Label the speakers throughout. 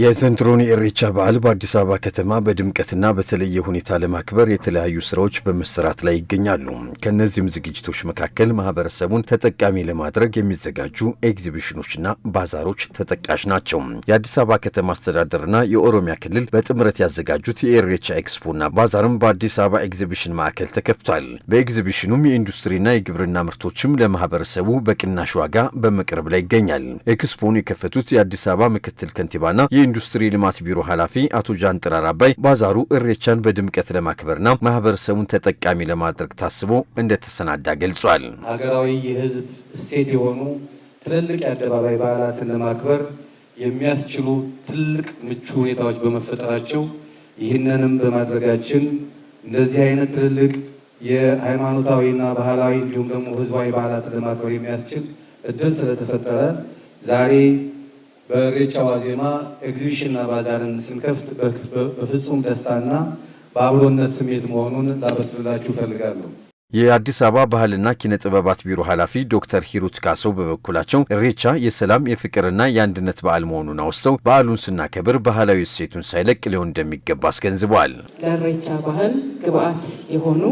Speaker 1: የዘንድሮን የኢሬቻ በዓል በአዲስ አበባ ከተማ በድምቀትና በተለየ ሁኔታ ለማክበር የተለያዩ ስራዎች በመሰራት ላይ ይገኛሉ። ከእነዚህም ዝግጅቶች መካከል ማህበረሰቡን ተጠቃሚ ለማድረግ የሚዘጋጁ ኤግዚቢሽኖችና ባዛሮች ተጠቃሽ ናቸው። የአዲስ አበባ ከተማ አስተዳደርና የኦሮሚያ ክልል በጥምረት ያዘጋጁት የኢሬቻ ኤክስፖና ባዛርም በአዲስ አበባ ኤግዚቢሽን ማዕከል ተከፍቷል። በኤግዚቢሽኑም የኢንዱስትሪና የግብርና ምርቶችም ለማህበረሰቡ በቅናሽ ዋጋ በመቅረብ ላይ ይገኛል። ኤክስፖን የከፈቱት የአዲስ አበባ ምክትል ከንቲባና የኢንዱስትሪ ልማት ቢሮ ኃላፊ አቶ ጃንጥራር አባይ ባዛሩ እሬቻን በድምቀት ለማክበርና ማህበረሰቡን ተጠቃሚ ለማድረግ ታስቦ እንደተሰናዳ ገልጿል።
Speaker 2: ሀገራዊ የህዝብ እሴት የሆኑ ትልልቅ የአደባባይ በዓላትን ለማክበር የሚያስችሉ ትልቅ ምቹ ሁኔታዎች በመፈጠራቸው ይህንንም በማድረጋችን እንደዚህ አይነት ትልልቅ የሃይማኖታዊና ባህላዊ እንዲሁም ደግሞ ህዝባዊ በዓላትን ለማክበር የሚያስችል እድል ስለተፈጠረ ዛሬ በእሬቻ ዋዜማ ኤግዚቢሽንና ባዛርን ስንከፍት በፍጹም ደስታና በአብሮነት ስሜት መሆኑን ላበስብላችሁ እፈልጋለሁ።
Speaker 1: የአዲስ አበባ ባህልና ኪነ ጥበባት ቢሮ ኃላፊ ዶክተር ሂሩት ካሰው በበኩላቸው እሬቻ የሰላም የፍቅርና የአንድነት በዓል መሆኑን አውስተው በዓሉን ስናከብር ባህላዊ እሴቱን ሳይለቅ ሊሆን እንደሚገባ አስገንዝበዋል።
Speaker 3: ለእሬቻ ባህል ግብአት የሆኑ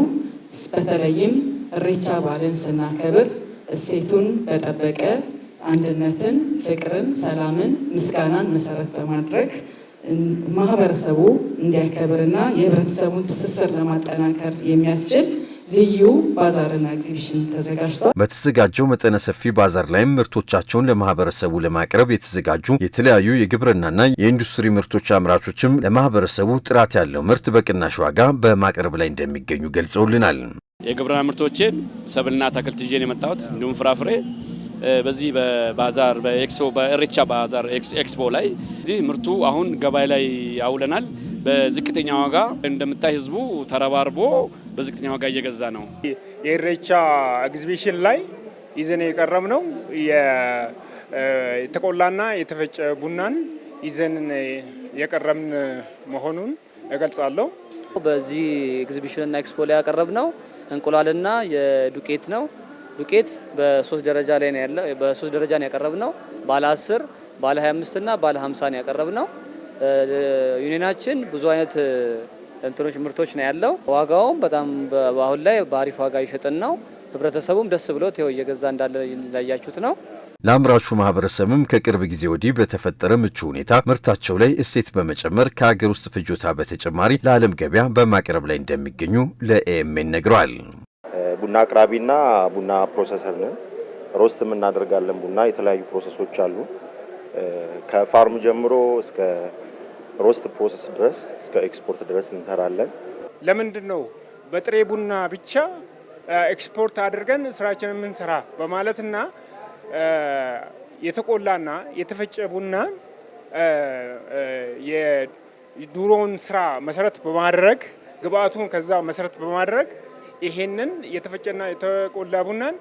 Speaker 3: በተለይም እሬቻ ባህልን ስናከብር እሴቱን በጠበቀ አንድነትን፣ ፍቅርን፣ ሰላምን፣ ምስጋናን መሰረት በማድረግ ማህበረሰቡ እንዲያከብርና የህብረተሰቡን ትስስር ለማጠናከር የሚያስችል ልዩ ባዛርና ኤግዚቢሽን ተዘጋጅቷል።
Speaker 1: በተዘጋጀው መጠነ ሰፊ ባዛር ላይም ምርቶቻቸውን ለማህበረሰቡ ለማቅረብ የተዘጋጁ የተለያዩ የግብርናና የኢንዱስትሪ ምርቶች አምራቾችም ለማህበረሰቡ ጥራት ያለው ምርት በቅናሽ ዋጋ በማቅረብ ላይ እንደሚገኙ ገልጸውልናል።
Speaker 4: የግብርና ምርቶቼን ሰብልና አትክልት ይዤን የመጣሁት እንዲሁም ፍራፍሬ በዚህ በባዛር በኤክሶ በእርቻ ባዛር ኤክስፖ ላይ እዚህ ምርቱ አሁን ገበያ ላይ አውለናል። በዝቅተኛ ዋጋ እንደምታይ ህዝቡ ተረባርቦ በዝቅተኛ ዋጋ እየገዛ ነው።
Speaker 5: የኢሬቻ ኤግዚቢሽን ላይ ይዘን የቀረብ ነው የተቆላና የተፈጨ ቡናን ይዘን የቀረብን መሆኑን እገልጻለሁ።
Speaker 6: በዚህ ኤግዚቢሽንና ኤክስፖ ላይ ያቀረብ ነው እንቁላልና የዱቄት ነው። ዱቄት በሶስት ደረጃ ላይ ነው ያለው። በሶስት ደረጃ ነው ያቀረብነው፣ ባለ 10፣ ባለ 25 እና ባለ 50 ነው ያቀረብነው። ዩኒናችን ብዙ አይነት እንትኖች ምርቶች ነው ያለው። ዋጋውም በጣም በአሁን ላይ በአሪፍ ዋጋ ይሸጥን ነው። ህብረተሰቡም ደስ ብሎት ይኸው እየገዛ እንዳለ ላያችሁት ነው።
Speaker 1: ለአምራቹ ማህበረሰብም ከቅርብ ጊዜ ወዲህ በተፈጠረ ምቹ ሁኔታ ምርታቸው ላይ እሴት በመጨመር ከሀገር ውስጥ ፍጆታ በተጨማሪ ለዓለም ገበያ በማቅረብ ላይ እንደሚገኙ ለኤኤምኤን ነግረዋል።
Speaker 7: ቡና አቅራቢና ቡና ፕሮሰሰር ነን። ሮስትም እናደርጋለን። ቡና የተለያዩ ፕሮሰሶች አሉ። ከፋርም ጀምሮ እስከ ሮስት ፕሮሰስ ድረስ እስከ ኤክስፖርት ድረስ እንሰራለን።
Speaker 5: ለምንድን ነው በጥሬ ቡና ብቻ ኤክስፖርት አድርገን ስራችንን የምንሰራ በማለትና የተቆላና የተፈጨ ቡናን የዱሮውን ስራ መሰረት በማድረግ ግብአቱን ከዛ መሰረት በማድረግ ይሄንን የተፈጨና የተቆላ ቡናን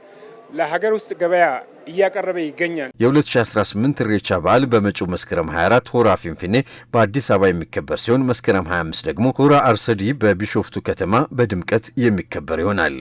Speaker 5: ለሀገር ውስጥ ገበያ እያቀረበ ይገኛል።
Speaker 1: የ2018 ኢሬቻ በዓል በመጪው መስከረም 24 ሆራ ፊንፊኔ በአዲስ አበባ የሚከበር ሲሆን መስከረም 25 ደግሞ ሆራ አርሰዲ በቢሾፍቱ ከተማ በድምቀት የሚከበር ይሆናል።